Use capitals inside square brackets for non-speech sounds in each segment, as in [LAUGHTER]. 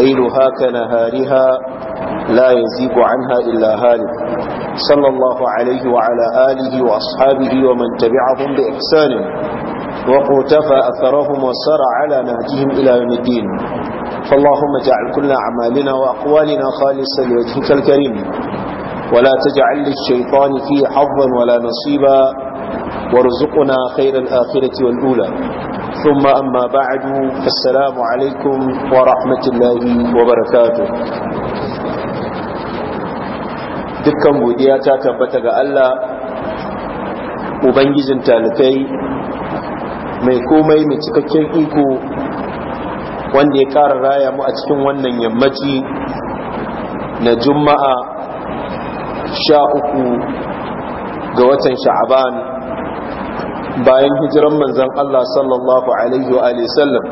ليلها كنهارها لا يزيب عنها إلا هالك صلى الله عليه وعلى آله وأصحابه ومن تبعهم بإحسان وقوتف أثرهم وسار على نهجهم إلى يوم الدين فاللهم اجعل كل أعمالنا وأقوالنا خالصا لوجهك الكريم ولا تجعل للشيطان فيه حظا ولا نصيبا وارزقنا خير الآخرة والأولى ثم أما بعد السلام عليكم ورحمة wa barakatu. dukkan godiya ta tabbata ga Allah ubangijin talibai mai komai mai cikakken iko wanda ya ƙara raya mu a cikin wannan yammaci na juma'a sha uku ga watan sha'aban bayan hijiran manzan Allah sallallahu alaihi wa sallam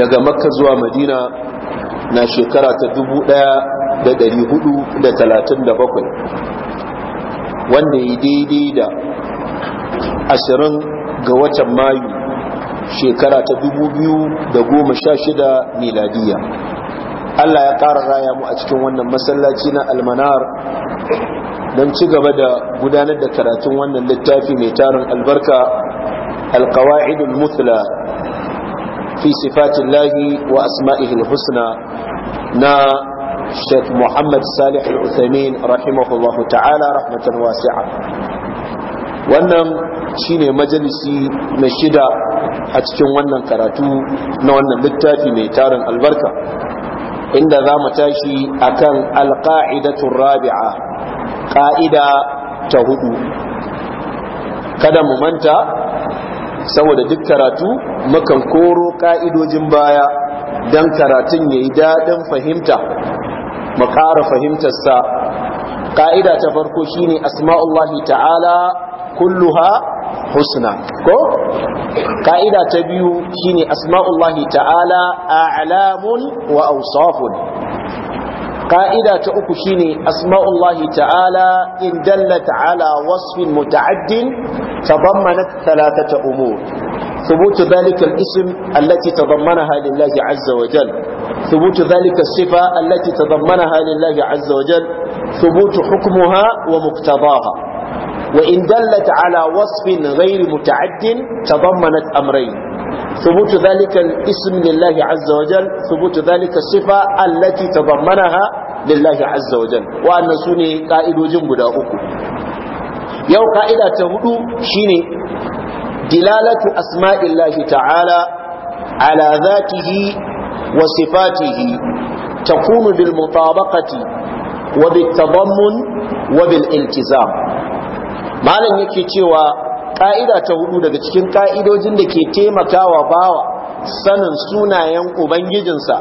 daga makka zuwa madina na shekara ta 1437 wanda ya daidai da ashirin ga watan mayu shekara ta goma sha 2016 miladiya Allah ya ƙara raya mu a cikin wannan masallaci na almanar don ci gaba da gudanar da karatun wannan littafi mai tarin albarka alkawa'idul mutla fi sifatin lahi wa asma'ihil husna na sheikh muhammad salih al-uthamin rahimahullahu ta'ala rahmatan wasi'a wannan shine majalisi na shida a cikin wannan karatu na wannan littafi mai tarin albarka inda za mu tashi akan alqa'idatur rabi'a ƙa'ida ta hudu kada mu manta saboda duk karatu mukan koro ƙa'idojin baya don karatun ya yi daɗin fahimta mu ƙara fahimtarsa ƙa'ida ta farko shine asma'ullahi ta'ala kulluha husna ko ƙa'ida ta biyu shine asma'ullahi ta'ala a a'lamun wa ausafun ka'ida ta uku shine asma'ullahi ta'ala in dallata ala wasfin muta'addin tadammanat thalathata umur thubutu dhalika al-ism allati tadammanaha lillahi 'azza wa jalla thubutu dhalika as-sifa allati tadammanaha lillahi 'azza wa jalla thubutu hukmuha wa muqtadaha wa in dallata ala wasfin ghayri muta'addin tadammanat amrayn ثبوت ذلك الاسم لله عز وجل ثبوت ذلك الصفة التي تضمنها لله عز وجل وأن سوني قائد جنب داؤكو يو قائدة تهدو شيني دلالة أسماء الله تعالى على ذاته وصفاته تكون بالمطابقة وبالتضمن وبالالتزام ما لن يكي ƙa'ida ta hudu daga cikin ƙa'idojin da ke taimakawa bawa sanin sunayen ubangijinsa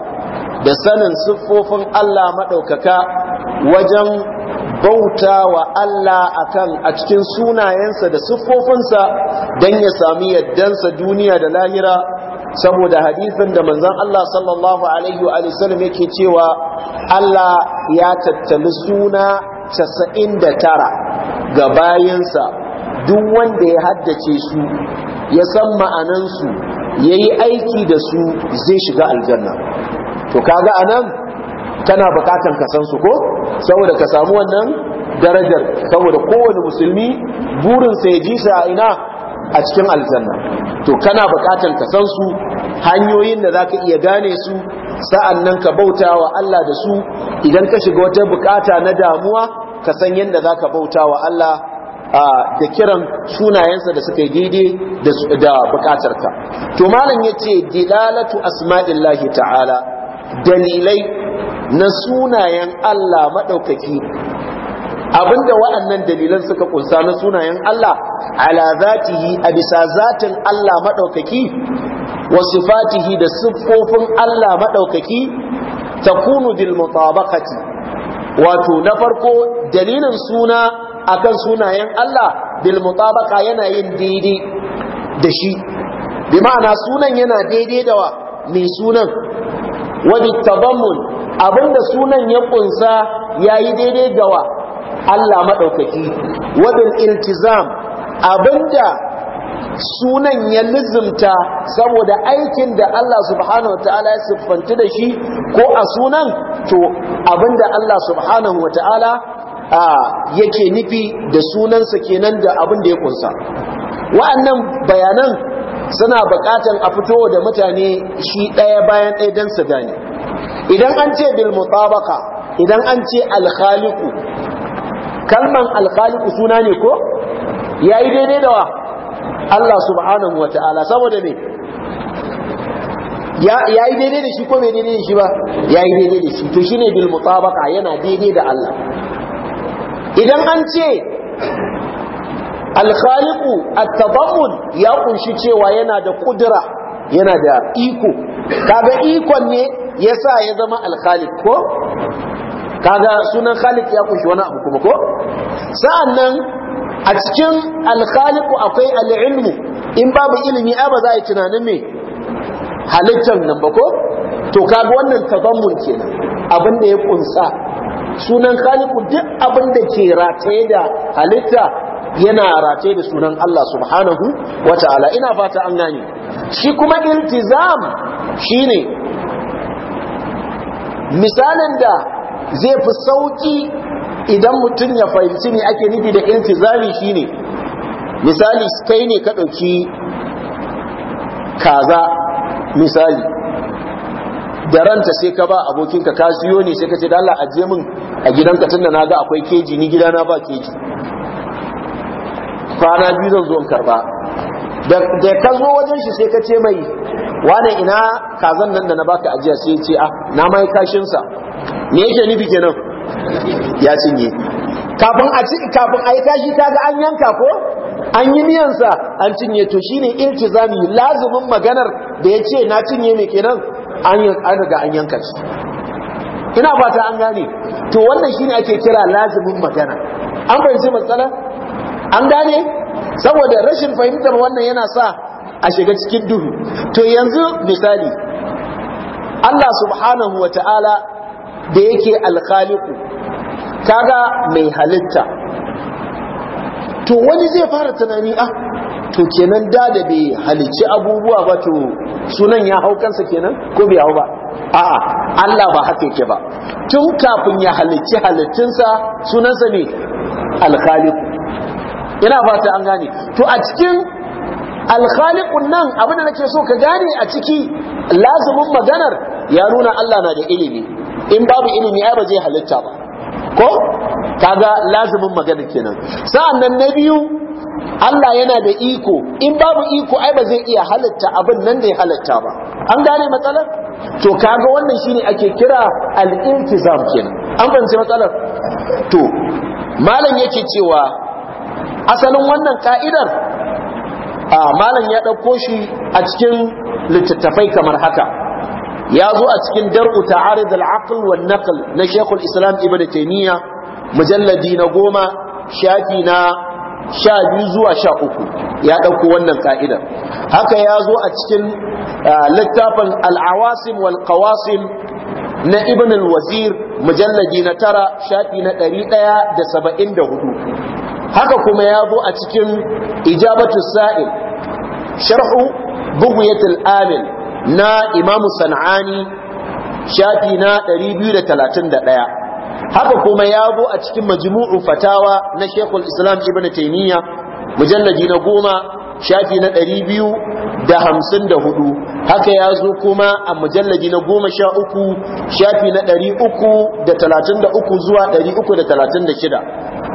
da sanin siffofin Allah maɗaukaka wajen bauta wa Allah akan a cikin sunayensa da siffofinsa don ya sami yaddansa duniya da lahira saboda hadifin da manzan Allah sallallahu alaihi wa yake cewa Allah ya tattali suna 99 ga bayansa duk wanda ya haddace su ya san ma'anansu ya yi aiki da su zai shiga aljanna to kaga anan tana bukatan ka san su ko saboda ka samu wannan darajar saboda kowane musulmi burinsa ya ji sa a ina a cikin aljanna to kana bukatan ka san su hanyoyin da zaka iya gane su sa'an nan ka bauta wa Allah da su idan ka shiga wata bukata na damuwa ka san yadda zaka bauta wa Allah da kiran sunayensa da suka yi daidai da ka. to malam yace dilalatu asma'illahi ta'ala dalilai na sunayen Allah madaukaki abinda wa'annan dalilan suka kunsa na sunayen Allah ala zatihi a bisa zatin Allah maɗaukaki wa sifatihi da siffofin Allah madaukaki takunu bil mutabaqati wato na farko dalilin suna akan sunayen Allah bil mutabaqa yana yin daidai da shi bi ma'ana sunan yana daidai da wa mai sunan wa bi tadammun abinda sunan ya kunsa yayi daidai da wa Allah madaukaki wa bil iltizam abinda sunan ya lizumta saboda aikin da Allah subhanahu wa ta'ala ya siffanta da shi ko a sunan to abinda Allah subhanahu wa ta'ala yake nufi da sunansa kenan da abin da ya kunsa wa'annan bayanan suna bukatan a fito da mutane shi ɗaya bayan ɗaya don su gane idan an ce bil mutabaka idan an ce alkhaliku kalman alkhaliku suna ne ko Ya yi daidai da wa Allah subhanahu Ta'ala saboda me yi daidai da shi ko bai daidai da shi ba Ya yi daidai da shi to shine bil mutabaka yana daidai da Allah idan an ce alkhaliku at-tadammun ya kunshi cewa yana da kudura yana da iko kaga ikon ne yasa ya zama alkhalik ko kaga sunan khalik ya kunshi wani abu kuma ko sa'annan a cikin alkhaliku akwai al'ilmu in babu ilimi a ba za a yi tunanin me halittar nan ba ko to kaga wannan tadammun kenan abin da ya kunsa sunan khaliku duk abin da ke rataye da halitta yana rataye da sunan Allah subhanahu wata'ala ina fata an gane shi kuma iltizam shine misalin da zai fi sauki idan mutum ya fahimci ne ake nufi da iltizami shine misali kai ne ka ɗauki kaza misali da ranta sai ka ba abokinka ka siyo ne sai ka ce da Allah ajiye min a gidanka tunda na ga akwai keji ni gidana ba keji kwana biyu zan zo in karba da ka zo wajen shi sai ka ce mai wane ina kazan nan da na baka ajiya sai ya ce ah na mai kashin sa me yake nufi kenan ya cinye kafin a ci kafin a yi kashi ga an yanka ko an yi miyansa an cinye to shine iltizami lazumin maganar da ya ce na cinye me kenan an riga an yanka shi ina ta an gane to wannan shine ake kira lazimin magana an fahimci matsala an gane saboda rashin fahimtar wannan yana sa a shiga cikin duhu to yanzu misali Allah subhanahu wa ta'ala da yake alkhaliku kaga mai halitta to wani zai fara tunani ah to kenan da da bai halici abubuwa ba to sunan ya hau kansa kenan ko bai hau ba a'a Allah ba haka yake ba tun kafin ya halici halittinsa sunansa ne alkhaliq ina fata an gane to a cikin alkhaliqun nan abin da nake so ka gane a ciki lazumin maganar ya nuna Allah na da ilimi in babu ilimi ai ba zai halitta ba ko kaga lazumin maganar kenan sa'annan na biyu Allah yana da iko in babu iko ai ba zai iya halitta abin nan da ya halitta ba an gane matsalar to kaga wannan shine ake kira al intizam kenan an fahimci matsalar to malam yake cewa asalin wannan ka'idar a malam ya ɗauko shi a cikin littattafai kamar haka ya zo a cikin dar'u ta'arid al-aql wa naql na Sheikhul islam Ibn Taymiyyah mujalladi na goma shafi na sha biyu zuwa sha uku ya ɗauko wannan ka'idar haka ya zo a cikin littafin al'awasim wal qawasim na ibn al-wazir mujalladi na tara shafi na ɗari ɗaya da saba'in da hudu haka kuma ya zo a cikin ijabatu sa'il sharhu bughyatul amil na imamu san'ani shafi na ɗaya haka kuma ya zo a cikin majmu'u fatawa na Sheikhul Islam Ibn Taymiyyah mujallaji na goma shafi na ɗari biyu da hamsin da hudu haka ya zo kuma a mujallaji na goma sha uku shafi na ɗari uku da talatin da uku zuwa ɗari uku da talatin da shida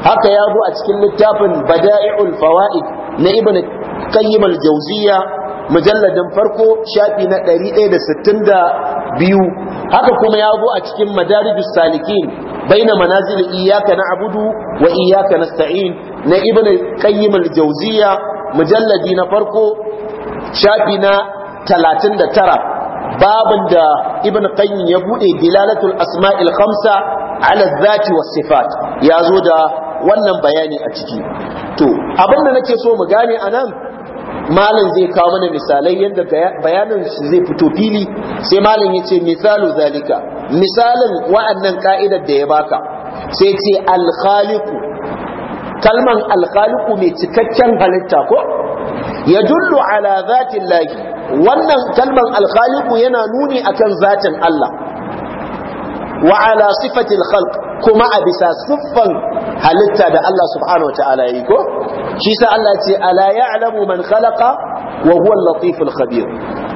haka ya zo a cikin littafin bada'i'ul fawa'id na ibn qayyim al mujalladin farko shafi na ɗari ɗaya da sittin da biyu haka kuma ya zo a cikin madarijus salikin baina iyaka na abudu wa iyyaka nasta'in na ibn qayyim Jauziya, jawziya mujalladi na farko shafi na tara. babin da ibn qayyim ya bude Bilalatul asma'il khamsa ala dhati was sifat ya zo da wannan bayani a ciki to abinda nake so mu gane anan malam zai kawo mana misalai yadda bayanin shi zai fito fili sai malam ya ce misalu zalika misalin wa'annan ka'idar da ya baka sai ce alkhaliku kalman alkhaliku mai cikakken halitta ko ya dullu ala zatin lahi wannan kalman alkhaliku yana nuni akan zatin Allah wa ala sifatil khalq kuma a bisa siffan halitta da Allah subhanahu wa ta'ala yi ko shi sa Allah ce ala ya'lamu man khalaqa wa huwa al-latiful khabir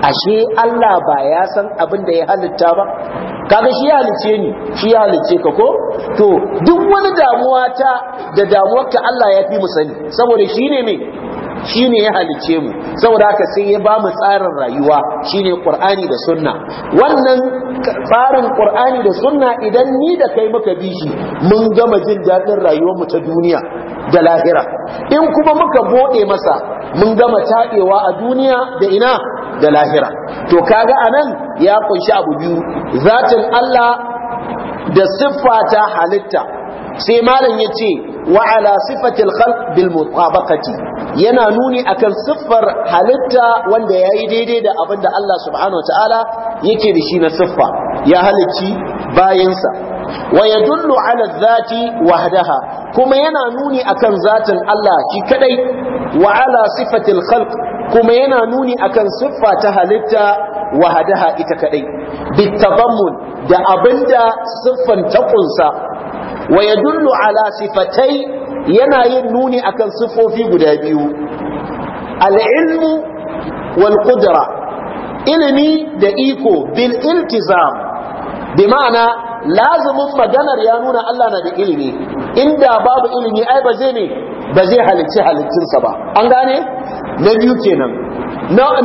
ashe Allah ba ya san abin da ya halitta ba kaga shi ya halice ni shi ya halice ka ko to duk wani damuwa ta da damuwar ka Allah ya fi mu sani saboda shi ne me Shi ne ya halice mu saboda haka sai ya bamu tsarin rayuwa shine qur'ani da sunna wannan tsarin qur'ani da sunna idan ni da kai muka bi shi mun gama jin daɗin rayuwar mu ta duniya da lahira in kuma muka bode masa mun gama taɗewa a duniya da ina da lahira to kaga anan ya ƙunshi abu biyu zatin Allah da siffa ta halitta sai malam ya ce wa ala sifatil khalq yana nuni akan siffar halitta wanda yayi daidai da abin da Allah subhanahu wataala yake da shi na siffa ya halicci bayansa wa dullu ala dhati wahdaha kuma yana nuni akan zatin Allah shi kadai wa ala sifatil khalq kuma yana nuni akan siffa ta halitta wahdaha ita kadai bitadammun da abinda siffan ta kunsa wa yadullu ala sifatai yana yin nuni akan sifofi guda biyu Al'ilmu ilmu ilimi da iko bil iltizam bi ma'ana lazumin maganar ya nuna Allah na da ilimi inda babu ilimi ai ba zai ne ba zai halicci halittinsa ba an gane na biyu kenan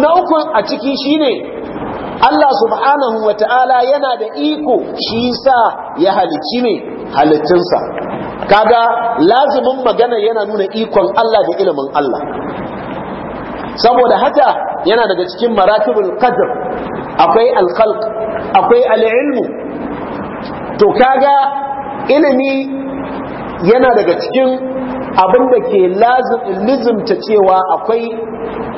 na uku a ciki shine Allah subhanahu wa ta'ala yana da iko shi sa ya halici ne halittunsa kaga lazumin magana yana nuna ikon Allah da ilimin Allah saboda haka yana daga cikin maratibul qadr akwai al akwai to kaga ilimi yana daga cikin abin da ke ta cewa akwai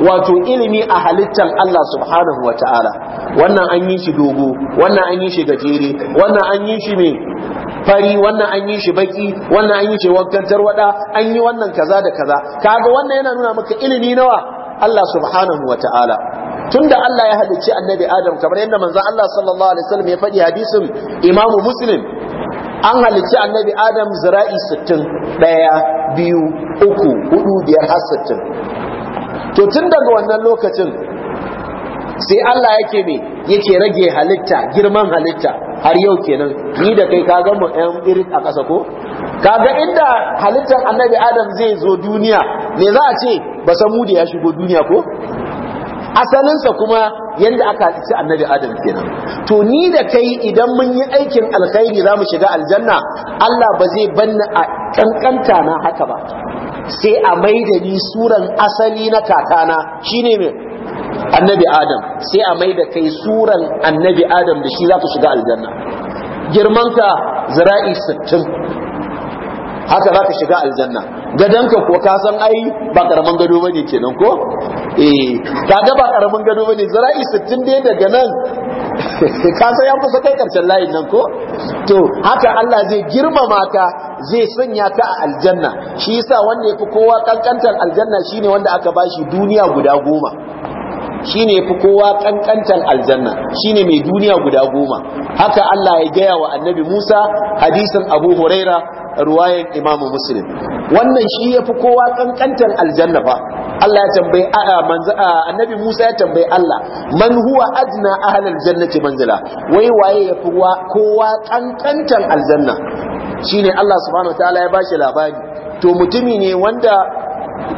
wato ilimi a halittar Allah subhanahu wata'ala ta'ala wannan an yi shi dogo wannan an yi shi gajere wannan an yi shi mai fari wannan an yi shi baki wannan an yi shi wakantar wada an yi wannan kaza da kaza kaga wannan yana nuna maka ilimi nawa Allah subhanahu wa ta'ala tunda Allah ya halicci annabi Adam kamar yadda manzon Allah sallallahu alaihi wasallam ya faɗi hadisin Imam Muslim an halicci annabi Adam zira'i 60 daya biyu uku hudu biyar har 60 to tun daga wannan lokacin sai Allah yake me yake rage halitta girman halitta har yau kenan ni da kai ka gama mu irin a ƙasa ko kaga inda halittar annabi adam zai zo duniya me za a ce ba san da ya shigo duniya ko asalinsa kuma yadda aka ci annabi adam kenan to ni da kai idan mun yi aikin alkhairi za mu shiga aljanna Allah ba zai banna a kankanta na haka ba sai a maida ni suran asali na kakana shine me annabi adam sai a mai da kai suran annabi adam da shi za ka shiga aljanna girmanka zira'i sittin haka za ka shiga aljanna gadonka ko ka san ai ba karaman gado bane kenan ko eh kaga ba karaman gado bane zira'i sittin dai daga nan [LAUGHS] ka san ya kusa kai karshen layin nan ko to haka Allah zai girmama ka zai sanya ka a aljanna shi yasa wanda yafi kowa kankantar aljanna shine wanda aka bashi duniya guda goma shine fi kowa kankantan aljanna shine mai duniya guda goma haka Allah ya gaya wa annabi Musa hadisin Abu Huraira ruwayan Imam Muslim wannan shi fi kowa kankantan aljanna fa Allah ya tambayi annabi Musa ya tambayi Allah man huwa adna ahlal jannati manzila wai waye yafi kowa ƙanƙantan aljanna shine Allah subhanahu wataala ya bashi labari to mutumi ne wanda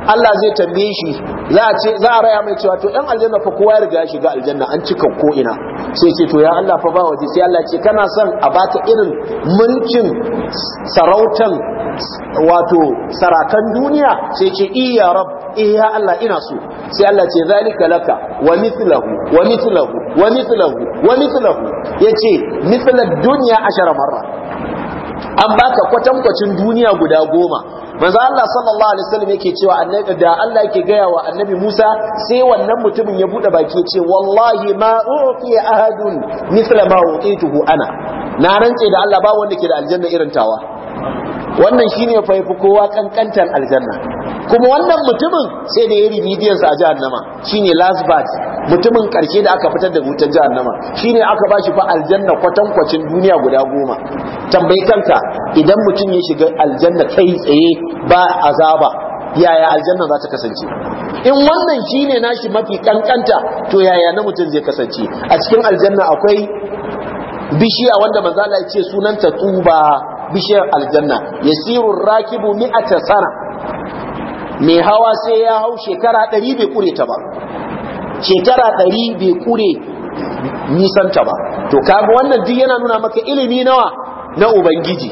Allah zai tambaye shi za a ce za a raya mai cewa to ɗan aljanna fa kowa ya riga ya shiga aljanna an cika ko ina sai ce to ya Allah fa ba waje sai Allah ce kana son a baka irin mulkin sarautan wato sarakan duniya sai ce i eh, ya rab eh ya Allah ina so sai Allah ce zalika laka wa mithluhu wa mithluhu wa mithluhu wa mithluhu yace mithla dunya ashara marra an baka kwatankwacin duniya guda goma manzo Allah sallallahu alaihi wasallam yake cewa annabi da Allah yake gaya wa annabi Musa sai wannan mutumin ya bude baki ya ce wallahi ma uti ahadun mithla ma utituhu ana na rantse da Allah ba wanda ke da aljanna irin tawa wannan shine faifi kowa kankantan aljanna kuma wannan mutumin sai da ya remedial sa a jahannama shine last lasbat mutumin karshe da aka fitar da wutar jahannama shine aka bashi fa aljanna kwatan duniya guda goma tambayi kanka idan mutum ya shiga aljanna kai tsaye ba azaba yaya aljanna za ta kasance in wannan shine nashi mafi kankanta to yaya na mutum zai kasance a cikin aljanna akwai bishiya wanda manzala ya ce sunanta tuba bishiyar aljanna yasiru rakibu mi'ata sana mai hawa sai ya hau shekara ɗari bai kure ta ba shekara ɗari bai kure nisanta ba to kaga wannan duk yana nuna maka ilimi nawa na ubangiji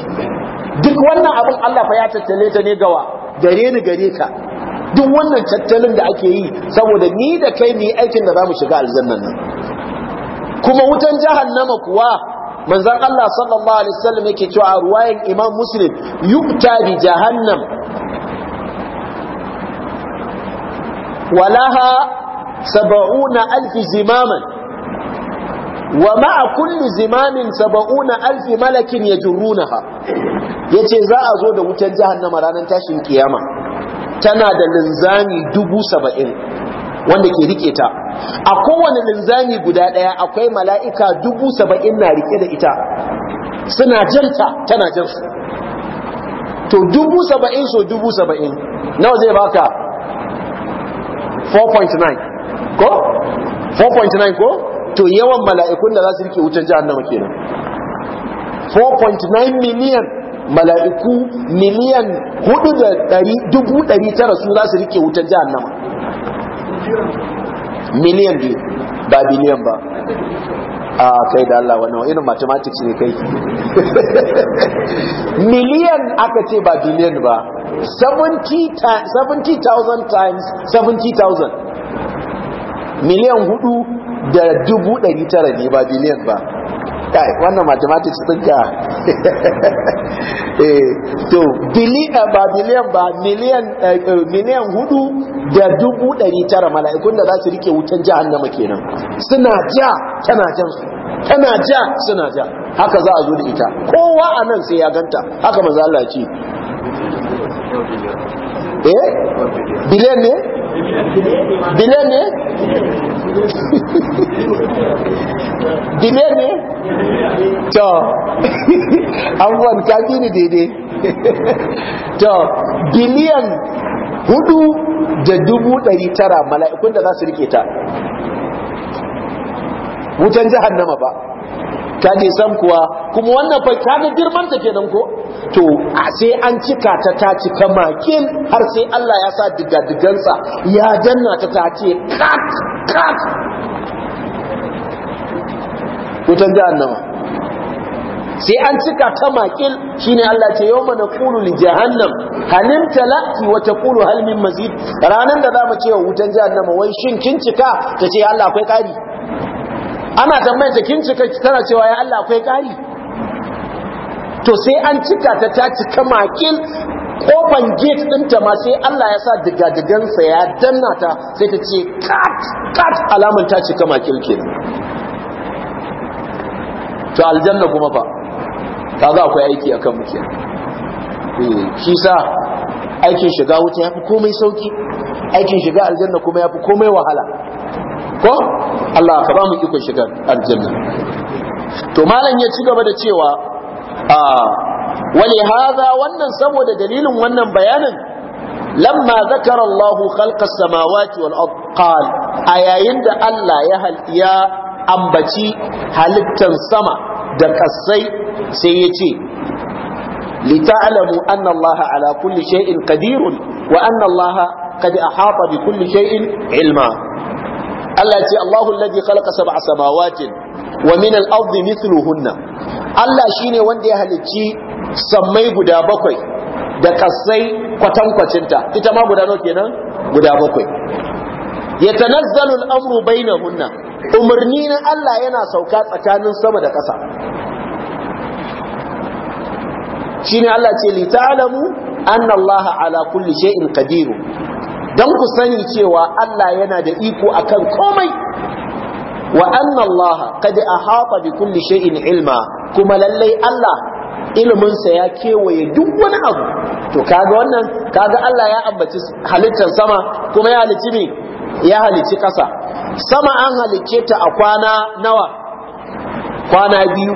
duk wannan abin Allah fa ya tattale ta ne gawa gare ni gare ka duk wannan tattalin da ake yi saboda ni da kai mu aikin da za mu shiga aljannan nan kuma wutan jahannama kuwa manzon Allah sallallahu alaihi wasallam yake cewa a ruwayan Imam Muslim yu'ta walaha sab'una alf zimaman wa ma'a kulli zimamin sab'una alfi malakin ya yajrunaha yace za a zo da wutar jahannama ranar tashin kiyama tana da linzami dubu saba'in wanda ke rike ta a kowane linzami guda daya akwai mala'ika dubu saba'in na rike da ita suna janta tana jansu to dubu saba'in so dubu saba'in nawa zai baka 4.9 ko 4.9 ko to yawan mala'ikun da za su rike wutan jahannama kenan 4.9 miliyan mala'iku miliyan 4.900 dubu ɗari su za su rike wutar nama. miliyan biyu ba biliyan ba a kai da Allah wani irin mathematics ne kai [LAUGHS] miliyan aka ce ba biliyan ba 70,000 times 70,000 miliyan hudu da dubu ɗari tara ne ba biliyan ba kai wannan mathematics [LAUGHS] eh to eh, biliyan ba babilian ba miliyan eh, eh, million hudu da dubu ɗari tara mala'ikun da za su rike wutan jahannama kenan suna ja tana jan su tana ja suna ja haka za a zo da ita kowa a nan sai ya ganta haka manzo Allah ce eh biliyan ne dile ne dile ne to abubuwan kaji ne daidai to biliyan hudu da dubu dari tara mala'ikun da za su rike ta wutan jihar nama ba ta je san kuwa kuma wannan fa kaga girman ta ke nan ko to sai an cika ta ta cika makin har sai Allah ya sa digadigansa ya danna ta ta ce kat kat wutan nama. sai an cika ta makil ne Allah ce yau mana kulu li jahannam halim talati wata Kulu, halmin min mazid ranan da mu ce wutan nama, wai shin kin cika ta ce Allah akwai kari ana tambayar ta kin cika tana cewa ya Allah akwai kari to sai an cika ta ta cika makin kofan gate ta ma sai Allah ya sa digadigansa ya danna ta sai ta ce kat kat alamun ta cika makin kenan to aljanna kuma fa kaga akwai aiki akan muke eh, shi sa aikin shiga wuta yafi komai sauki aikin shiga aljanna kuma yafi komai wahala ko Allah ka ba mu ikon shiga aljanna to malam ya ci gaba da cewa wale haza wannan saboda dalilin wannan bayanin lamma zakara Allah khalqas samawati wal ard qal a yayin da Allah ya ya ambaci halittan sama da ƙasai sai ya ce lita'lamu anna Allah ala kulli shay'in qadirun wa anna Allah qad ahata bi kulli shay'in ilma Allah ce Allahu alladhi khalaqa sab'a samawatin wa min al-ardi mithluhunna Allah shine wanda ya halicci sammai guda bakwai da kasai kwatankwacinta ita ma guda nawa kenan guda bakwai yatanazzalu al-amru bainahunna umarni na Allah yana sauka tsakanin sama da ƙasa shine Allah ce li ta'lamu anna Allah ala kulli shay'in qadir dan ku sani cewa Allah yana da iko akan komai wa anna Allah qad ahata bi kulli shay'in ilma kuma lallai Allah iliminsa ya kewaye duk wani abu to kaga wannan kaga Allah ya ambaci halittar sama kuma ya halici ne ya halici kasa sama an halice ta a kwana nawa kwana biyu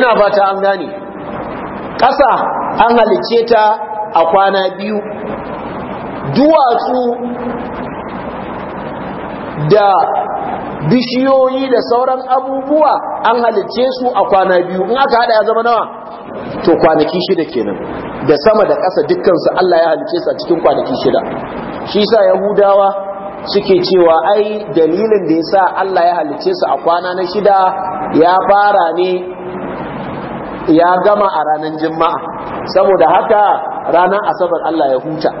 ina fata an gane kasa an halice ta a kwana biyu duwatsu da bishiyoyi da sauran abubuwa an halicce su a kwana biyu in aka hada ya zama nawa to kwanaki shida kenan da sama da ƙasa dukkansu Allah ya halicce su a cikin kwanaki shida shi sa yahudawa suke cewa ai dalilin da yasa Allah ya halicce su a kwana na shida ya fara ne ya gama a ranar juma'a saboda haka ranar asabar Allah ya huta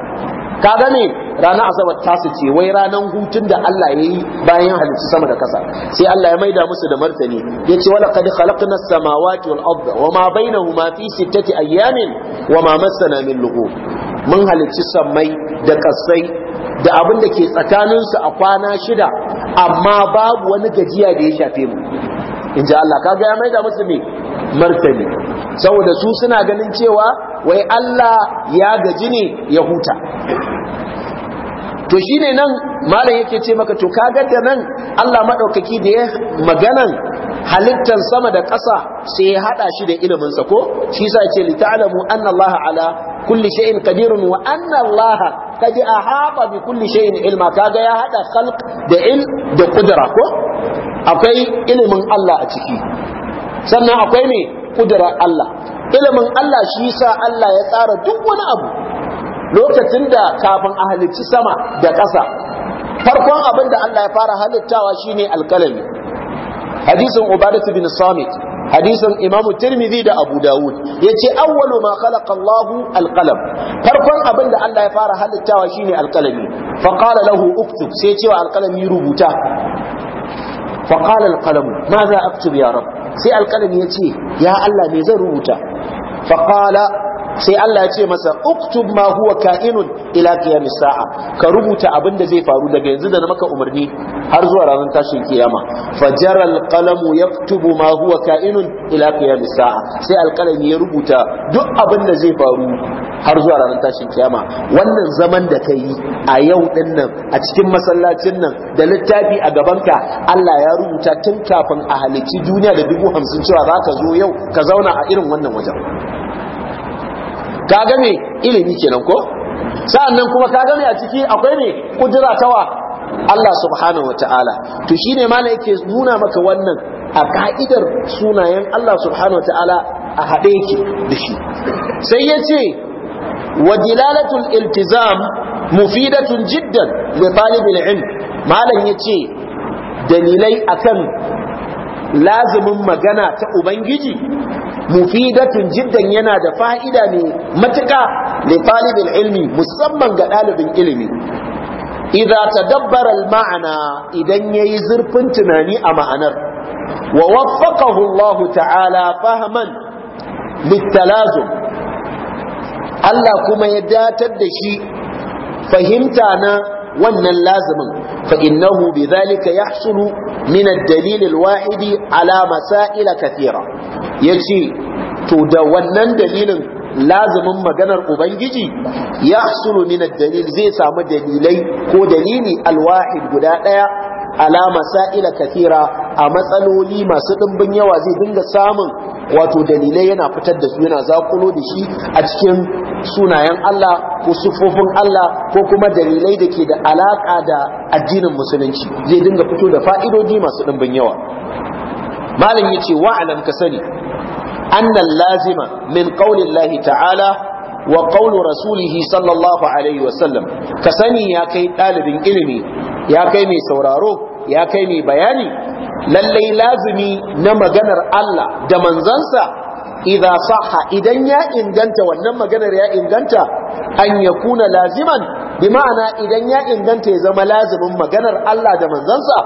ka gane ranar asabar tasu ce wai ranar hutun da Allah ya yi bayan halittu sama da kasa sai Allah ya maida musu da martani ya ce wala kadi khalaqna samawati wal arda wa ma bainahuma fi sittati ayyamin wa ma massana min lugu mun halittu samai da kasai da abin da ke tsakaninsu a kwana shida amma babu wani gajiya da ya shafe mu in ji Allah kaga ya maida musu mai martani saboda su suna ganin cewa wai Allah ya gaji ne ya huta to shine nan malam yake ce maka to kaga da nan Allah madaukaki da ya maganan halittan sama da ƙasa sai ya hada shi da ilimin sa ko shi yasa yace li ta'lamu anna Allah ala kulli shay'in qadir wa anna Allah qad ahaba bi kulli shay'in ilma kaga ya hada khalq da il da qudrah ko akwai ilimin Allah a ciki sannan akwai ne. kudurar Allah ilimin Allah shi yasa Allah ya tsara duk wani abu lokacin da kafin a halicci sama da ƙasa farkon abin da Allah ya fara halittawa shine alkalami hadisin ubadatu bin samit hadisin imam tirmidhi da abu dawud yace awwalu ma khalaqa Allah farkon abin da Allah ya fara halittawa shine alkalami fa qala lahu uktub sai cewa alkalami rubuta fa qala ma za aktub ya rabb sai alƙalami ya ce ya Allah me zan rubuta faƙala sai Allah ya ce masa uktub ma huwa ka'inun ila qiyamis sa'a ka rubuta abin da zai faru daga yanzu da na maka umarni har zuwa ranar tashin kiyama fajara alqalamu yaktubu ma huwa ka'inun ila qiyamis sa'a sai alqalami ya rubuta duk abin da zai faru har zuwa ranar tashin kiyama wannan zaman da kai a yau dinnan a cikin masallacin nan da littafi a gabanka Allah ya rubuta tun kafin a halicci duniya da dubu hamsin cewa za ka zo yau ka zauna a irin wannan wajen kaga me ilimi kenan ko sa'annan kuma kaga me a ciki akwai me kudura tawa Allah subhanahu wataala to shine malai yake nuna maka wannan a ka'idar sunayen Allah subhanahu wataala a haɗe yake da shi sai ya ce wa dilalatul iltizam mufidatun jiddan li talibil ilm malam yace dalilai akan lazimin magana ta ubangiji mufidatun jiddan yana da fa'ida ne matuka li talibul ilmi musamman ga ɗalibin ilimi idza tadabbara al ma'ana idan yayi zurfin tunani a ma'anar wa waffaqahu Allah ta'ala fahman litalazum Allah kuma ya datar da shi fahimta na wannan lazimin fa innahu bidhalika yahsulu min ad-dalil al-wahid ala masail kathira yace to da wannan dalilin lazimin maganar ubangiji yahsulu min ad-dalil zai samu dalilai ko dalili al-wahid guda daya ala masail kathira a matsaloli masu dimbin yawa zai dinga samun wato dalilai yana fitar da su yana zakulo da shi a cikin sunayen Allah ko siffofin Allah ko kuma dalilai da ke da alaƙa da addinin musulunci zai dinga fito da fa'idodi masu ɗimbin yawa malam ya ce wa'alam ka sani annal lazima min qaulillahi ta'ala wa qaul rasulihi sallallahu alaihi wasallam ka sani ya kai ɗalibin ilimi ya kai mai sauraro ya kai mai bayani lallai lazumi na maganar Allah da manzansa idan sahha idan ya inganta wannan maganar ya inganta an kuna laziman bi ma'ana idan ya inganta ya zama lazumin maganar Allah da manzansa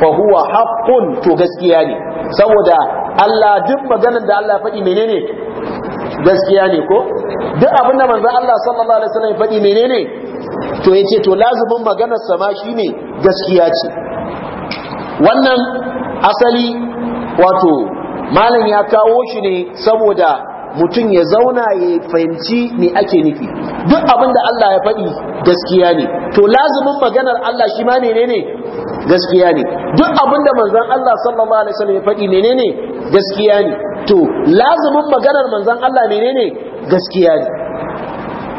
fa huwa haqqun to gaskiya ne saboda Allah duk maganar da Allah ya faɗi menene gaskiya ne ko duk abin da manzo Allah sallallahu alaihi wasallam ya faɗi menene to yace to lazumin maganar sa ma shine gaskiya ce wannan asali wato malam ya kawo shi ne saboda mutum ya zauna ya fahimci me ake nufi duk abin da Allah ya faɗi gaskiya ne to lazumin maganar Allah shi ma menene gaskiya ne duk abin da manzon Allah sallallahu alaihi wasallam ya faɗi menene gaskiya ne to lazumin maganar manzon Allah menene gaskiya ne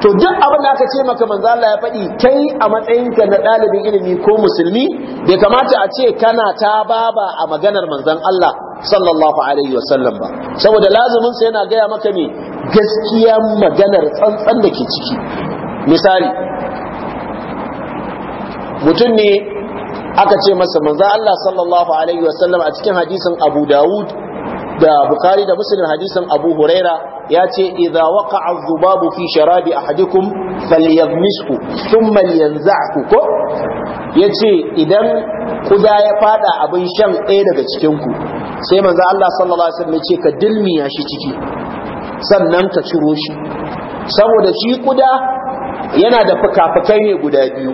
to duk abin da aka ce maka manzo Allah ya faɗi kai a matsayinka na ɗalibin ilimi ko musulmi bai kamata a ce kana ta baba a maganar manzon Allah sallallahu alaihi wasallam ba saboda lazumin sa yana gaya maka mai gaskiya maganar tsantsan da ke ciki misali mutum ne aka ce masa manzo Allah sallallahu alaihi wasallam a cikin hadisin Abu Dawud da Bukhari da Muslim hadisin Abu Huraira ya ce idza waqa'a adh-dhubabu fi sharabi ahadikum falyadmishu thumma liyanza'hu ko ce idan kuda ya fada abin shan ɗaya daga cikin ku sai manzo Allah sallallahu alaihi wasallam ce ka dilmiya shi ciki sannan ka ciro shi saboda shi kuda yana da fuka ne guda biyu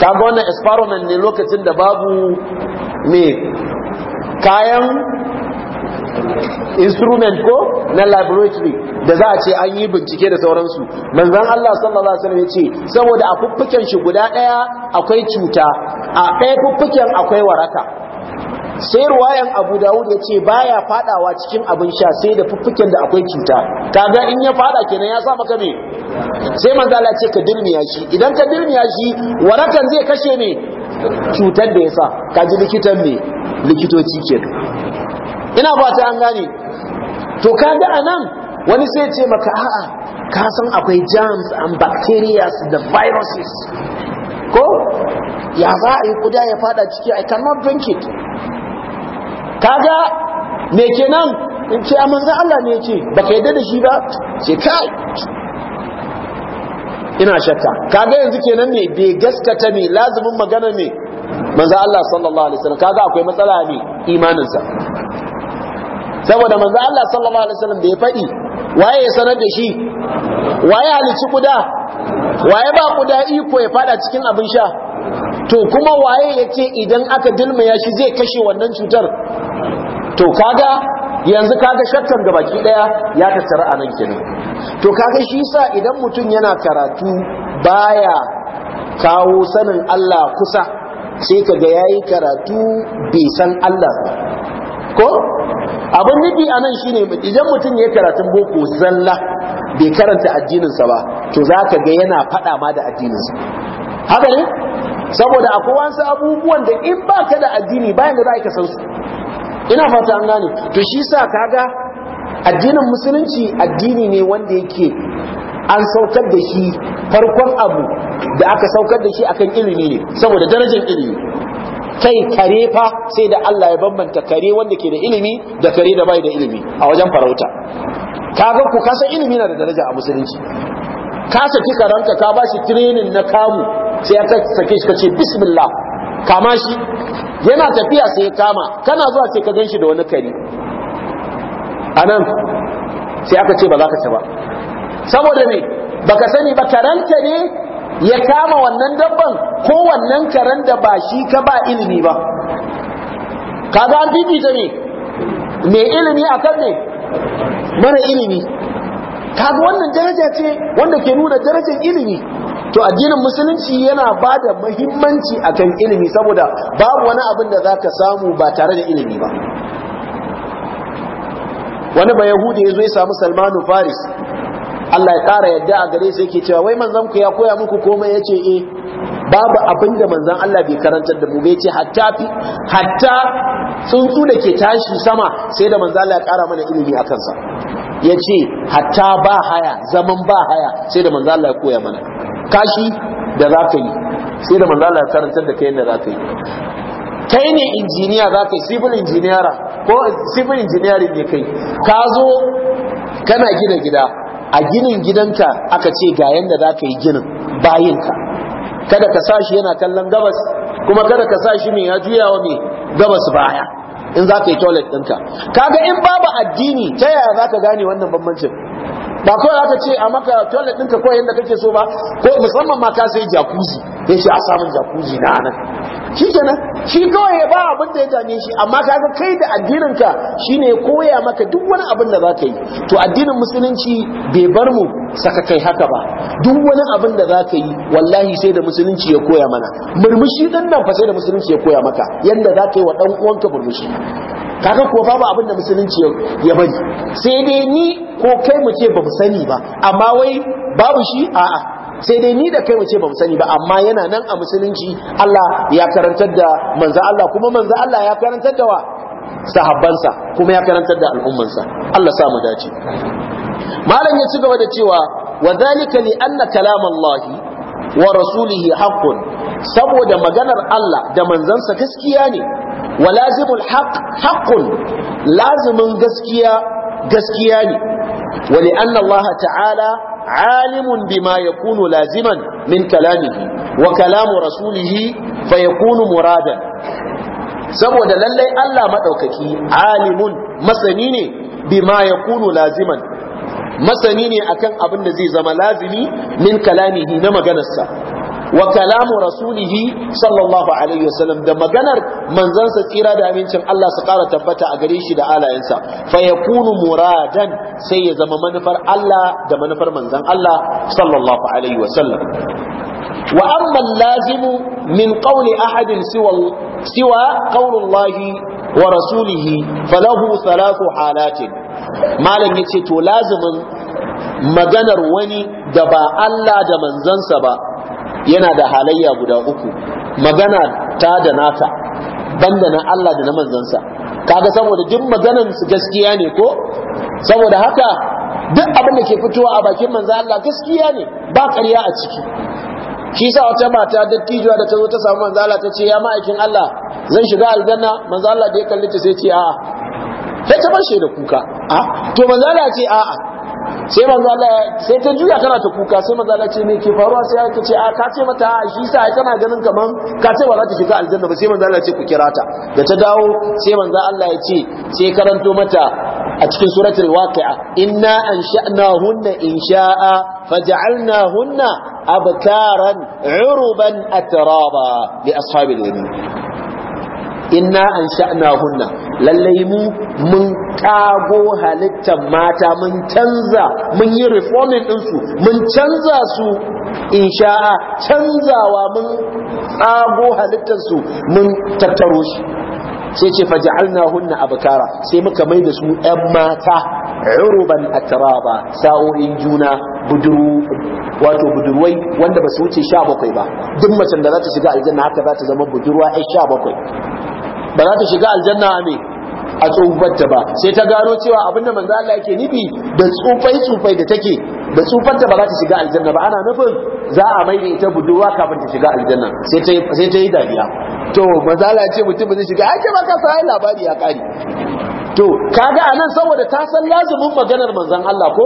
kaga wannan experiment ne lokacin da babu me kayan instrument ko na laboratory da za a ce an yi bincike da sauransu manzon Allah sallallahu alaihi wasallam ya ce saboda a fuffuken shi guda daya akwai cuta a ɗaya fuffuken akwai waraka sai ruwayan abu dawud ya ce baya fadawa cikin abin sha sai da fuffuken da akwai cuta kaga in ya fada kenan ya sa maka me sai manzo ce ka dirmiya shi idan ka dirmiya shi warakan zai kashe ne cutar da ya sa ka ji likitan ne likitoci ke. ina ba ta an gane to kaga anan wani sai ce maka a'a ka san akwai germs and bacteria da viruses ko ya za a yi kuda ya fada ciki i cannot drink it kaga me kenan in ce amma za Allah ne ce baka yadda da shi ba ce kai ina shakka kaga yanzu kenan ne bai gaskata ne lazumin magana ne manzo Allah sallallahu alaihi wasallam kaga akwai matsala ne imaninsa saboda manzo Allah sallallahu alaihi wasallam da ya faɗi waye ya sanar da shi waye halici kuda waye ba kuda iko ya fada cikin abin sha to kuma waye yace idan aka ya shi zai kashe wannan cutar to kaga yanzu kaga shakkan ga baki daya ya tattara a nan kenan to kaga shi sa idan mutum yana karatu baya kawo sanin Allah kusa sai kaga yayi karatu bai san Allah ko abin nufi a nan shine idan mutum ya karatun boko zalla bai karanta addininsa ba to za ka ga yana faɗa ma da addininsa haka ne saboda akwai wasu abubuwan da in ba ka da addini bayan da za ka san su ina fata an gane to shi sa ga? addinin musulunci addini ne wanda yake an saukar da shi farkon abu da aka saukar da shi akan ilimi ne saboda darajar ilimi kai kare fa sai da Allah ya bambanta kare wanda ke da ilimi da kare da bai da ilimi a wajen farauta kaga ku kasa ilimi na da daraja a musulunci ka saki karanka ka bashi training na kamu sai ya sake shi kace bismillah kama shi yana tafiya sai ya kama kana zuwa sai ka ganshi da wani kare anan sai aka ce ba za ka ci ba saboda me baka sani ba karanta ne ya kama wannan dabban ko wannan karen da ba shi ka ba ilimi ba kaga an fifita ne mai ilimi akan ne mara ilimi kaga wannan daraja ce wanda ke nuna darajar ilimi to addinin musulunci yana ba da mahimmanci akan ilimi saboda babu wani abin da za ka samu ba tare da ilimi ba wani ba yahudi ya zo ya samu salmanu faris Allah ya ƙara yadda a gare su yake cewa wai manzon ku ya koya muku komai yace eh babu abin da manzon Allah bai karantar da mu bai ce hatta fi hatta tsuntsu da ke tashi sama sai da manzon Allah ya ƙara mana ilimi a kansa yace hatta ba haya zaman ba haya sai da manzon Allah ya koya mana kashi da za ka yi sai da manzon Allah ya karantar da kai yadda za ka yi kai ne injiniya za ka yi civil engineer ko civil engineering ne kai ka zo kana gina gida a ginin gidanka aka ce ga yanda za ka yi ginin bayinka kada ka sashi yana kallon gabas kuma kada ka sashi mai ya juya wa mai gabas baya in za ka yi toilet ɗinka kaga in babu addini ta yaya za ka gane wannan bambancin ba kawai ka ce a maka toilet ɗinka ko yadda kake so ba ko musamman ma ka sai jacuzzi ya ce a samun jacuzzi na anan shi kenan shi kawai ba abin da ya dame shi amma ka ga kai da addininka shine ya koya maka duk wani abin da za ka yi to addinin musulunci bai bar mu saka kai haka ba duk wani abin da za ka yi wallahi sai da musulunci ya koya mana murmushi ɗin nan fa sai da musulunci ya koya maka yadda za ka yi wa ɗan uwanka murmushi kaga ko babu abin da musulunci ya bari sai dai ni ko kai mu ce ba mu sani ba amma wai babu shi a'a sai dai ni da kai mu ce ba mu sani ba amma yana nan a musulunci Allah ya karantar da manzo Allah kuma manzo Allah ya karantar da wa sahabbansa kuma ya karantar da al'ummansa Allah sa mu dace malam ya ci gaba da cewa wa zalika li anna kalam Allah wa rasulihi haqqun saboda maganar Allah da manzansa gaskiya ne wa lazimul haqq lazimin gaskiya gaskiya ne wa li anna Allah ta'ala alimun bima yakunu laziman min kalamihi wa kalamu rasulihi fayakunu muradan saboda lallai Allah madaukaki alimun masani ne bima yakunu laziman masani ne akan abin da zai zama lazimi min kalamihi na maganarsa wa kalamu rasulihi sallallahu alaihi wasallam da maganar manzansa tsira da amincin Allah su ƙara tabbata a gare shi da alayensa fa yakunu muradan sai ya zama manufar Allah da manufar manzan Allah sallallahu alaihi wasallam wa amma lazimu min qawli ahadin siwa siwa qawlullahi wa rasulihi falahu thalathu halatin malam yace to lazimin maganar wani da ba Allah da manzansa ba yana da halayya guda uku magana ta da nata banda na Allah da na manzansa kaga saboda duk maganan su gaskiya ne ko saboda haka duk abin da ke fitowa a bakin manzo Allah gaskiya ne ba ƙarya a ciki shi sa wata mata dattijuwa da ta zo ta samu manzo Allah ta ce ya ma'aikin Allah zan shiga aljanna manzo Allah da ya kalli ta sai ce a'a sai ta bar shi da kuka to manzo Allah ce a'a sai manzo Allah sai ta juya tana ta kuka sai manzo Allah ce ne ke faruwa sai aka ce a ka ce mata a shi sa tana ganin kaman ka ce ba za ta shiga aljanna ba sai manzo Allah ce ku kira ta da ta dawo sai manzo Allah ya ce sai karanto mata a cikin suratul waqi'a inna ansha'nahunna insha'a faj'alnahunna abkaran 'uruban atraba li ashabil yamin inna an sha'na hunna lallai mu mun kago halittar mata mun canza mun yi reforming ɗinsu mun canza su insha'a canzawa mun kago su mun tattaro shi sai ce faj'alnahunna abkara sai muka mai da su ƴan mata uruban atraba sa'o'in juna buduru wato budurwai wanda ba su wuce 17 ba duk macen da za ta shiga aljanna haka za ta zama budurwa ai 17 ba za ta shiga aljanna ne a tsohuwarta ba sai ta gano cewa abinda manzo Allah yake nufi da tsufai tsufai da take da tsufanta ba za ta shiga aljanna ba ana nufin za a mai da ita budurwa kafin ta shiga aljanna sai ta yi dariya to mazala ce mutum zai shiga ake ka sai labari ya kari to kaga anan saboda ta san lazumin maganar manzan Allah ko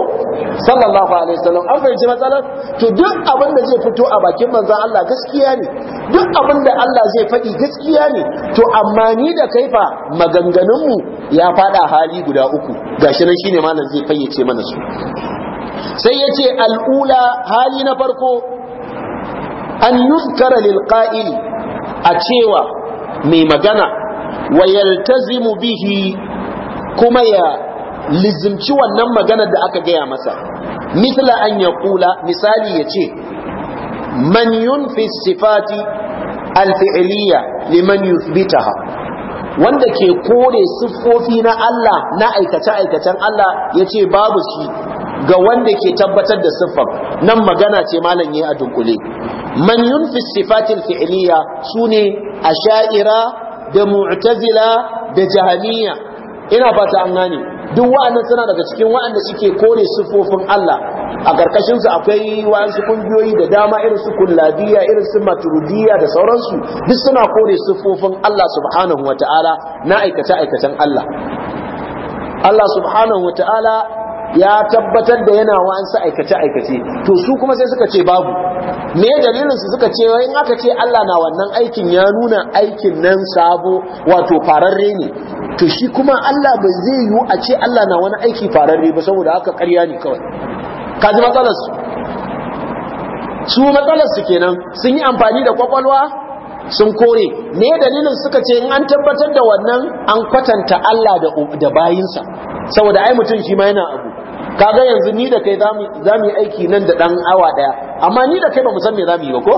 sallallahu alaihi wasallam an fahimci matsalar to duk abin da zai fito a bakin manzan Allah gaskiya ne duk abin da Allah zai faɗi gaskiya ne to amma ni da kai fa maganganun mu ya faɗa hali guda uku gashi nan shine malam zai fayyace mana su sai ya ce al'ula hali na farko an yuskara lilƙa'il a cewa mai magana wa yaltazimu bihi kuma ya lizimci wannan maganar da aka gaya masa misla an ya kula misali ya ce man fi sifati alfi'iliya liman yuthbitaha wanda ke kore siffofi na Allah na aikace-aikacen Allah ya ce babu shi ga wanda ke tabbatar da siffar nan magana ce malam yi a dunkule man yunfi sifatil fi'liya sune asha'ira da mu'tazila da jahaniya ina ta an gane duk wa'annan suna daga cikin wa'anda suke kore siffofin Allah a ƙarƙashinsu su akwai wa'ansu ƙungiyoyi da dama irin su kulladiya irin su maturidiyya da sauransu duk suna kore siffofin Allah subhanahu wa ta'ala na aikace aikacen Allah Allah subhanahu wa ta'ala. ya tabbatar da yana wa'ansu aikace-aikace to su kuma sai suka ce babu me dalilinsu suka ce in aka ce Allah na wannan aikin ya nuna aikin nan sabo wato fararre ne to shi kuma Allah ba zai yiwu a ce Allah na wani aiki fararre ba saboda haka ƙarya ne kawai kaji matsalarsu su matsalarsu kenan sun yi amfani da kwakwalwa sun kore me dalilin suka ce in an tabbatar da wannan an kwatanta Allah da da bayinsa saboda ai mutum shi ma yana abu kaga yanzu ni da kai za mu yi aiki nan da ɗan awa ɗaya amma ni da kai ba mu san me za mu yi ba ko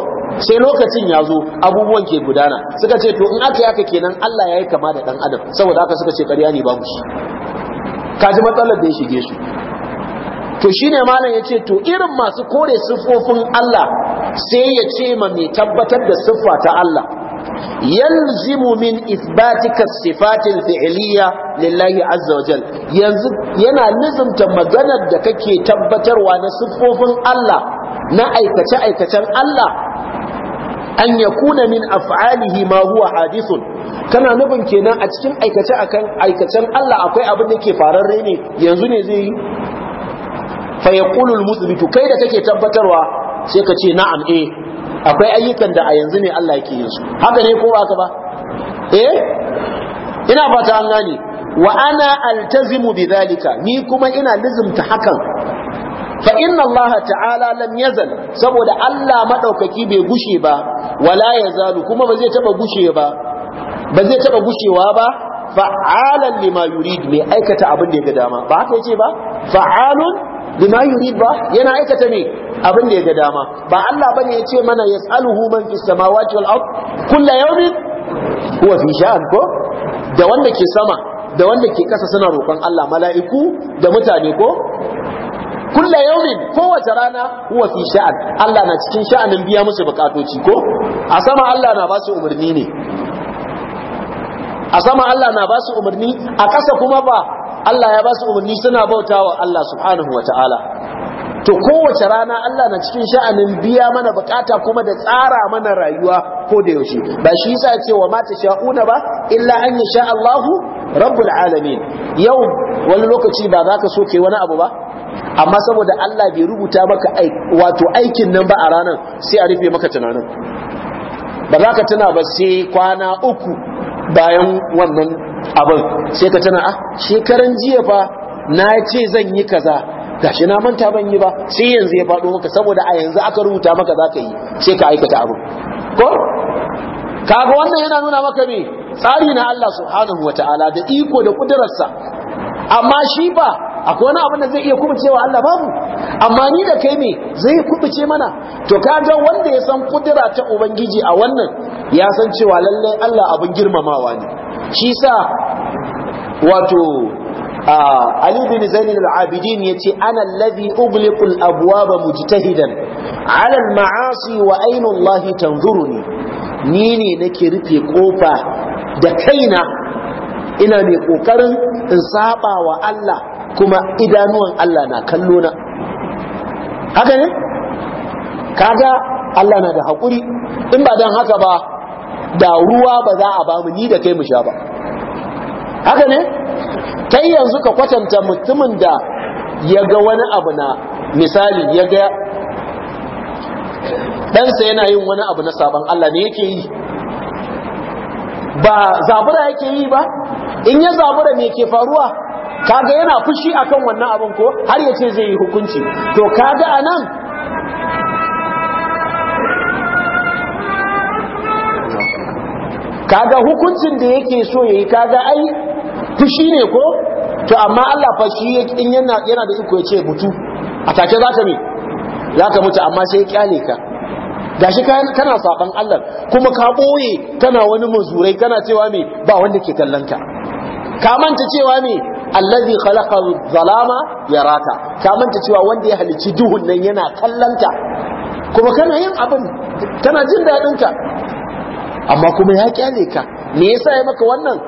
sai lokacin ya zo abubuwan ke gudana suka ce to in aka yi aka kenan Allah ya yi kama da ɗan adam saboda haka suka ce ƙarya ne ba mu shi ji matsalar da ya shige su to shine malam ya ce to irin masu kore siffofin Allah sai ya ce ma mai tabbatar da siffa ta Allah yalzimu min ithbatika sifatil fi'liya lillahi azza wajal yanzu yana nizumta maganar da kake tabbatarwa na siffofin Allah na aikace aikacen Allah an yakuna min af'alihi ma huwa hadithun kana nufin kenan a cikin aikace akan aikacen Allah akwai abin da ke fararre ne yanzu ne zai yi fa yaqulu al kai da kake tabbatarwa sai ka ce na'am eh akwai ayyukan da a yanzu ne Allah yake yin su haka ne ko haka ba eh ina fata an gane wa ana altazimu bidhalika ni kuma ina lizumta hakan fa inna Allah ta'ala lam yazal saboda Allah madaukaki bai gushe ba wala yazalu kuma ba zai taba gushe ba ba zai taba gushewa ba fa'alan lima yurid mai aikata abin da ya ga dama ba haka yace ba fa'alun bima yurid ba yana aikata ne abin da ya ga dama ba Allah bane ya ce mana yas'aluhu man fis samawati wal ard kullu yawmin huwa fi sha'an ko da wanda ke sama da wanda ke kasa suna roƙon Allah mala'iku da mutane ko yawmin ko kowace rana huwa fi sha'an Allah na cikin sha'anin biya musu bukatoci ko a sama Allah na ba su umarni ne a sama Allah na ba su umarni a kasa kuma ba Allah ya ba su umarni suna bauta wa Allah subhanahu wa ta'ala, to kowace rana Allah na cikin sha'anin biya mana bukata kuma da tsara mana rayuwa ko da yaushe ba shi yasa ce wa mata sha'una ba illa an yasha Allahu rabbul alamin yau wani lokaci ba za ka so kai wani abu ba amma saboda Allah bai rubuta maka wato aikin nan ba a ranar sai a rufe maka tunanin ba za ka tuna ba sai kwana uku bayan wannan abin sai ka tana ah shekaran jiya fa na ce zan yi kaza gashi na manta ban yi ba sai yanzu ya fado maka saboda a yanzu aka rubuta maka za ka yi sai ka aikata abu ko kaga wannan yana nuna maka me tsari na Allah subhanahu wataala da iko da kudurarsa. amma shi ba akwai wani abin da zai iya wa Allah babu amma ni da kai me zai kubuce mana to kaga wanda ya san kudura ta ubangiji a wannan ya san cewa lalle Allah abin girmamawa ne shi sa wato Ali bin Zain al-Abidin yace ana allazi ughliqu al-abwaba mujtahidan ala al-ma'asi wa aynu Allah tanzuruni ni ne nake rufe kofa da kaina ina mai ƙoƙarin in saba wa Allah kuma idanuwan Allah na kallo na haka ne kaga Allah na da hakuri in ba dan haka ba da ruwa ba za a ba mu ni da kai mu sha ba haka ne kai yanzu ka kwatanta mutumin da ya ga wani abu na misali ya ga ɗansa yana yin wani abu na sabon Allah ne yake yi ba zabura yake yi ba in ya da me ke faruwa kaga yana fushi akan wannan abin ko har ya ce zai yi hukunci to kaga anan kaga hukuncin da yake so yayi kaga ai fushi ne ko to amma Allah fa shi in yana da iko ya ce mutu a take za ka me za ka mutu amma sai ya kyale ka gashi kana saban Allah kuma ka boye kana wani mazurai kana cewa me ba wanda ke kallon ka ka manta cewa me allazi khalaqa zalama yaraka ka manta cewa wanda ya halici duhun nan yana kallanta kuma kana yin abin kana jin dadin ka amma kuma ya kyale ka me yasa ya maka wannan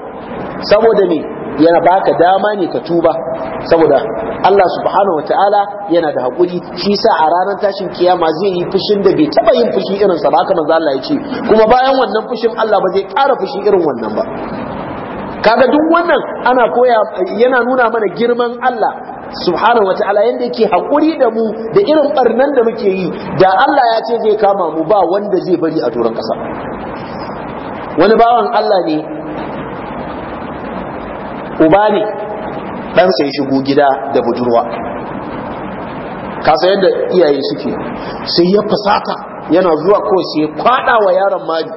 saboda me yana baka dama ne ka tuba saboda Allah subhanahu wataala yana da hakuri shi sa a ranar tashin kiyama zai yi fushin da bai taba yin fushi irin sa ba haka manzo Allah ya ce kuma bayan wannan fushin Allah ba zai ƙara fushi irin wannan ba kaga duk wannan ana koya yana nuna mana girman Allah subhanahu wataala yanda yake hakuri da mu da irin barnan da muke yi da Allah ya ce zai kama mu ba wanda zai bari a turan kasa wani bawan Allah ne uba ne dan sai shigo gida da budurwa Ka san yadda iyaye suke sai ya fasata yana zuwa ko sai ya kwada wa yaron mali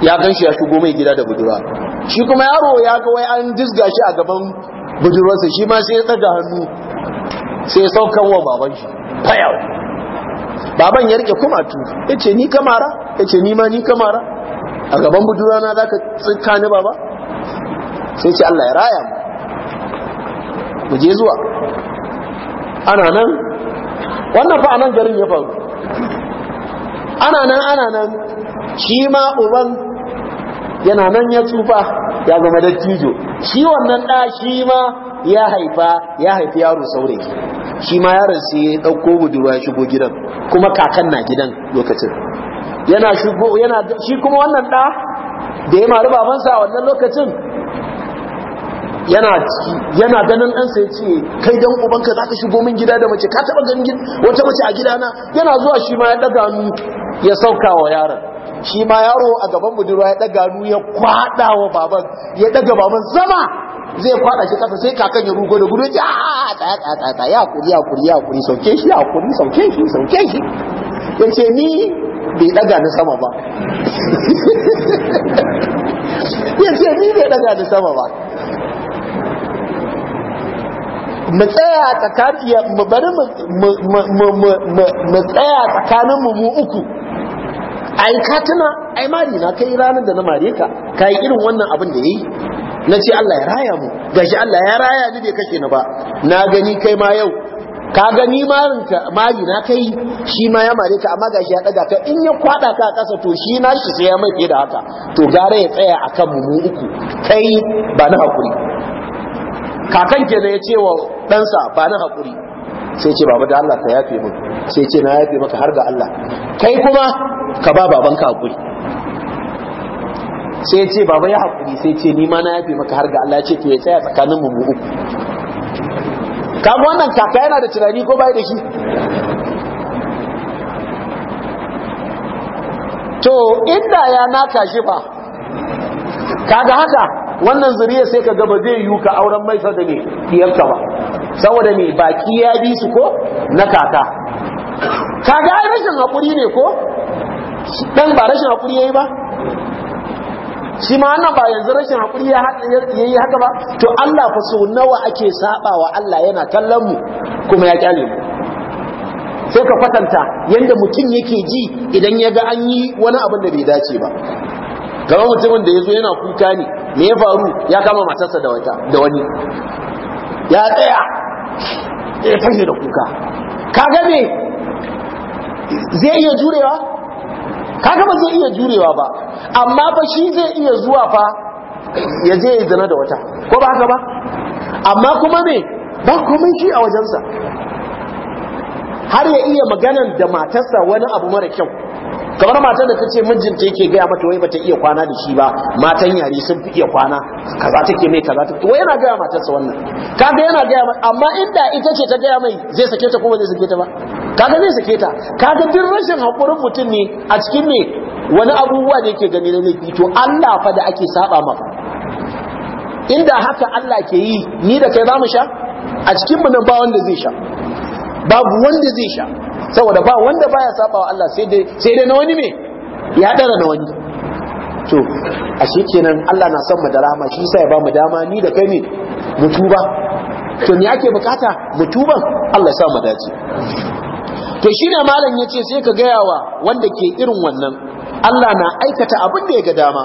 ya gan shi ya shigo mai gida da budurwa shi kuma yaro ya ga wai an dizga shi a gaban budurwarsa shi ma sai ya tsaga hannu sai ya saukan wa baban shi fayau baban ya rike kuma tu ya ce ni kamara ya ce ni ma ni kamara a gaban budurwa na za ka tsinka ni baba sai ce Allah ya raya mu mu je zuwa ana nan wannan fa anan garin ya faru ana nan ana nan shi ma uban yana nan ya tsufa ya zama dattijo shi wannan ɗa shi ma ya haifa ya haifi yaro saurayi shi ma yaron sai ya ɗauko budurwa ya shigo gidan kuma kakan na gidan lokacin yana shigo yana shi kuma wannan ɗa da ya mari babansa a wannan lokacin yana yana ganin ɗansa ya ce kai dan ubanka za ka shigo min gida da mace ka taɓa ganin wata mace a gidana yana zuwa shi ma ya ɗaga hannu ya sauka wa yaron shi ma yaro a gaban budurwa ya daga nu ya kwada wa baban ya daga baban sama zai kwada shi kasa sai kakan ya rugo da gudu ya tsaya tsaya tsaya ya kuri ya kuri ya kuri sauke shi ya kuri sauke shi sauke shi ce ni bai daga ni sama ba ya ce ni bai daga [LAUGHS] ni sama ba mu tsaya tsakaniya mu bari mu tsaya mu uku ai ka tuna ai mari na kai ranar da na mare ka kai irin wannan abin da yayi na ce Allah ya raya mu gashi Allah ya raya ni bai kashe ni ba na gani kai ma yau ka gani marinka mari na kai shi ma ya mare ka amma gashi ya daga ka in ya kwada ka a kasa to shi na shi sai ya mai fiye da haka to gara ya tsaya akan mu mu uku kai ba na hakuri kakan kenan ya ce wa ɗansa ba na hakuri sai ce baba da Allah ka yafe mun sai ce na yafe maka har ga Allah kai kuma ka ba babanka hakuri sai ce baba ya hakuri sai ce ni ma na yafe maka har ga Allah ya ce to ya tsaya tsakanin mu uku kaga wannan kaka yana da tunani ko bai da shi to inda ya naka shi ba, kaga haka wannan zuriya sai ka ba zai yiwu ka auren mai sa da ne ba saboda ne baki ya bi su ko na kaka kaga ai rashin hakuri ne ko dan ba rashin hakuri yayi ba shi ma wannan ba yanzu rashin hakuri ya yayi haka ba to Allah fa so nawa ake saba wa Allah yana kallon mu kuma ya kyale mu sai ka kwatanta yanda mutum yake ji idan ya ga an yi wani abin da bai dace ba kamar mutumin da ya zo yana kuka ne me ya faru ya kama matarsa da wata da wani ya tsaya ya fashe da kuka ka ga zai iya jurewa kaga ba zai iya jurewa ba amma ba shi zai iya zuwa fa ya je ya zana da wata ko ba haka ba amma kuma ne ba komai shi a wajensa har ya iya maganan da matarsa wani abu mara kyau kamar matar da kace mijinta yake gaya mata wai bata iya kwana da shi ba matan yare sun fi iya kwana kaza take mai kaza take wai yana gaya matarsa wannan kaga yana gaya amma inda ita ce ta gaya mai zai sake ta ko ba zai sake ta ba kaga zai sake ta kaga duk rashin hakurin mutum ne a cikin me wani abubuwa da yake gani na laifi to Allah fa da ake saba ma inda haka Allah ke yi ni da kai za mu sha a cikin mu nan ba wanda zai sha babu wanda zai sha saboda ba wanda baya sabawa Allah sai dai sai dai na wani me ya dara na wani to a kenan Allah na son mu da rahama shi sai ya ba mu dama ni da kai ne mu tuba to me ake bukata mu tuba Allah ya sa mu dace to shine malam yace sai ka gaya wa wanda ke irin wannan Allah na aikata abin da ya ga dama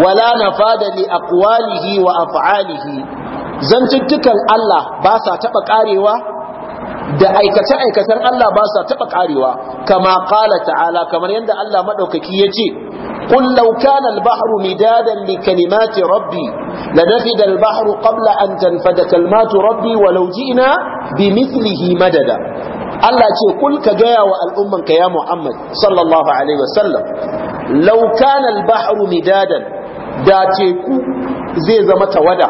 wala nafada li aqwalihi wa af'alihi zantuttukan Allah ba sa taba karewa da aikace-aikacen Allah ba sa taɓa ƙarewa kama ƙala ta'ala kamar yadda Allah maɗaukaki ya ce قل لو كان البحر مدادا لكلمات ربي لنفد البحر قبل أن rabbi كلمات ربي ولو bi mislihi madada. Allah ce kul ka gaya wa al'ummar ya Muhammad sallallahu alaihi wasallam law al-bahru midadan da teku zai zama tawada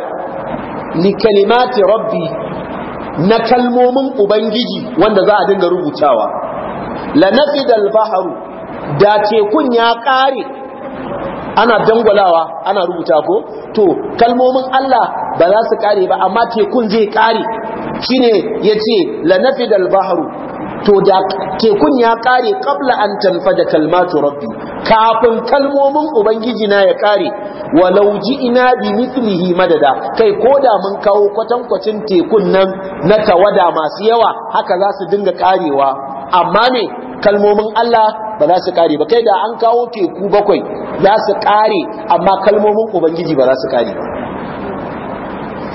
ni kalimati rabbi na kalmomin ubangiji wanda za a dinga rubutawa la nafidal baharu da tekun ya ƙare ana dangwalawa ana rubuta ko to kalmomin Allah ba za su kare ba amma tekun zai kare shine yace la nafidal baharu to da tekun ya kare kabla an tanfada kalmatu rabbi kafin kalmomin ubangiji na ya kare walau ina bi mithlihi madada kai ko da mun kawo kwatankwacin tekun nan na tawada masu yawa haka za su dinga karewa amma ne kalmomin Allah ba za su kare ba kai da an kawo teku bakwai za su kare amma kalmomin ubangiji ba za su kare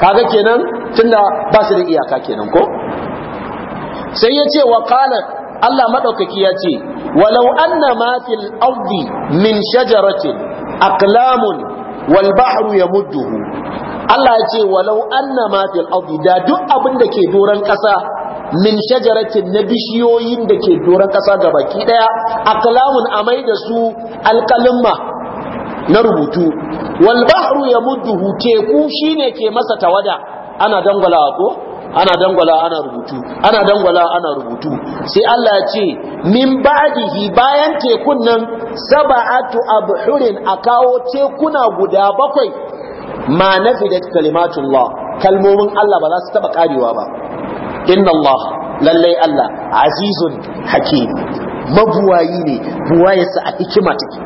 kaga kenan tunda ba su da iyaka kenan ko sai ya ce wa qala Allah maɗaukaki ya ce walau anna ma fil ardi min shajaratin aqlamun wal bahru yamudduhu Allah ya ce walau anna ma fil ardi da duk abin da ke doran ƙasa min shajaratin na bishiyoyin da ke doran ga baki daya aklamun amai da su alkalimma na rubutu wal bahru yamudduhu teku shine ke masa tawada ana dangwala ko ana dangwala ana rubutu ana dangwala ana rubutu sai Allah ya ce min ba'dihi bayan tekun nan sab'atu abhurin a kawo tekuna guda bakwai ma nafidat kalimatullah kalmomin Allah ba za su taba karewa ba inna Allah lallai Allah azizun hakim mabuwayi ne buwayarsa a hikima take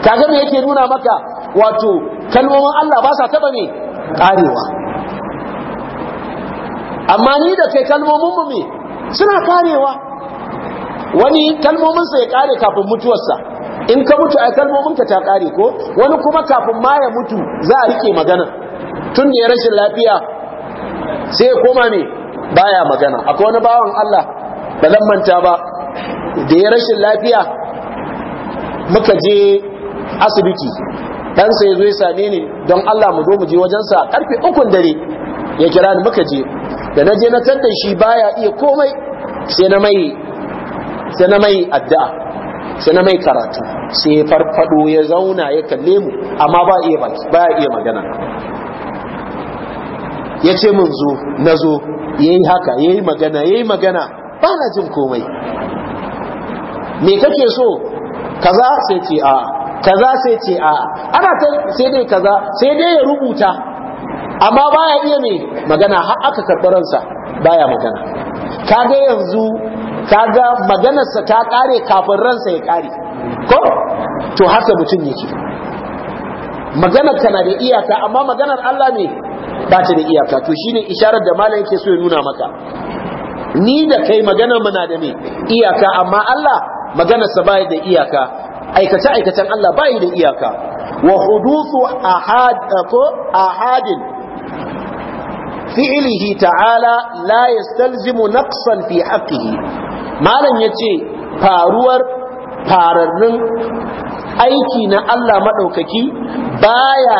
kaga me yake nuna maka wato kalmomin Allah ba sa taba ne karewa amma ni da kai kalmomin mu me suna karewa wani kalmominsa ya kare kafin mutuwarsa in ka mutu a ka ta kare ko wani kuma kafin ma ya mutu za a rike magana tun da ya rashin lafiya sai ya koma ne baya magana akwai wani bawan Allah ba zan manta ba da ya rashin lafiya muka je asibiti dan sai zo ya same ni don Allah mu zo mu je wajensa karfe ukun dare ya kira ni muka je da na je na tadda shi baya iya komai sai na mai sai na mai addu'a sai na mai karatu sai farfado ya zauna ya kalle mu amma ba iya ba iya magana ya ce mun zo na zo yayi haka yayi magana yayi magana ba na jin komai me kake so kaza sai ce a'a kaza sai ce a'a ana ta sai dai kaza sai dai ya rubuta amma baya iya me magana har aka karɓi ransa baya magana kaga yanzu kaga maganarsa ta ƙare kafin ransa ya ƙare ko to haka mutum yake maganar tana da iyaka amma maganar Allah ne ba ta da iyaka to shine isharar da malam yake so ya nuna maka ni da kai maganar mu na da me iyaka amma Allah maganarsa baya da iyaka aikace aikacen Allah bai da iyaka wa huduthu ahad ko ahadin fi'ilihi ta'ala la yastalzimu naqsan fi haqqihi malam yace faruwar fararrun aiki na Allah maɗaukaki baya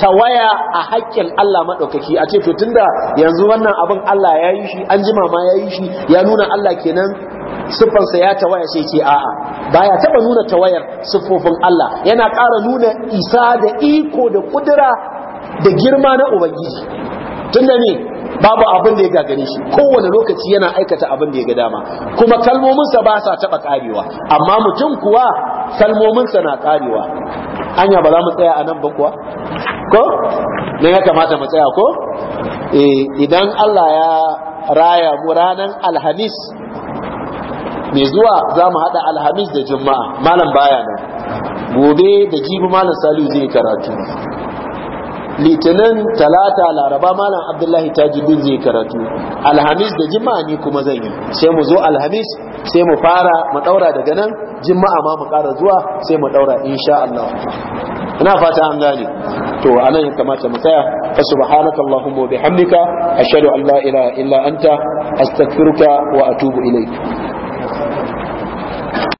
ta waya a haƙƙin Allah maɗaukaki. a ce to tunda yanzu wannan abin Allah ya yi shi an jima ma ya yi shi ya nuna Allah kenan siffansa ya tawaya sai ce a'a baya taɓa nuna tawayar siffofin Allah yana ƙara nuna isa da iko da kudura da girma na Ubangiji tunda ne babu abin da ya gagare shi kowane lokaci yana aikata abin da ya ga dama kuma kalmominsa ba sa taɓa ƙarewa amma mutum kuwa kalmominsa na ƙarewa anya ba za mu tsaya a nan ba kuwa ko ne ya kamata mu tsaya ko eh, idan Allah ya raya mu ranar alhamis mai zuwa za mu haɗa alhamis da juma'a malam baya nan gobe da jibi malam salihu zai karatu litinin talata laraba malam abdullahi tajidin zai karatu alhamis da jima'a ni kuma zan yi sai mu zo alhamis sai mu fara mu daura daga nan jima'a ma mu kara zuwa sai mu daura insha Allah ina fata an gane to anan ya kamata mu tsaya fa subhanaka allahumma wa bihamdika ashhadu an la ilaha illa anta astaghfiruka wa atubu ilaik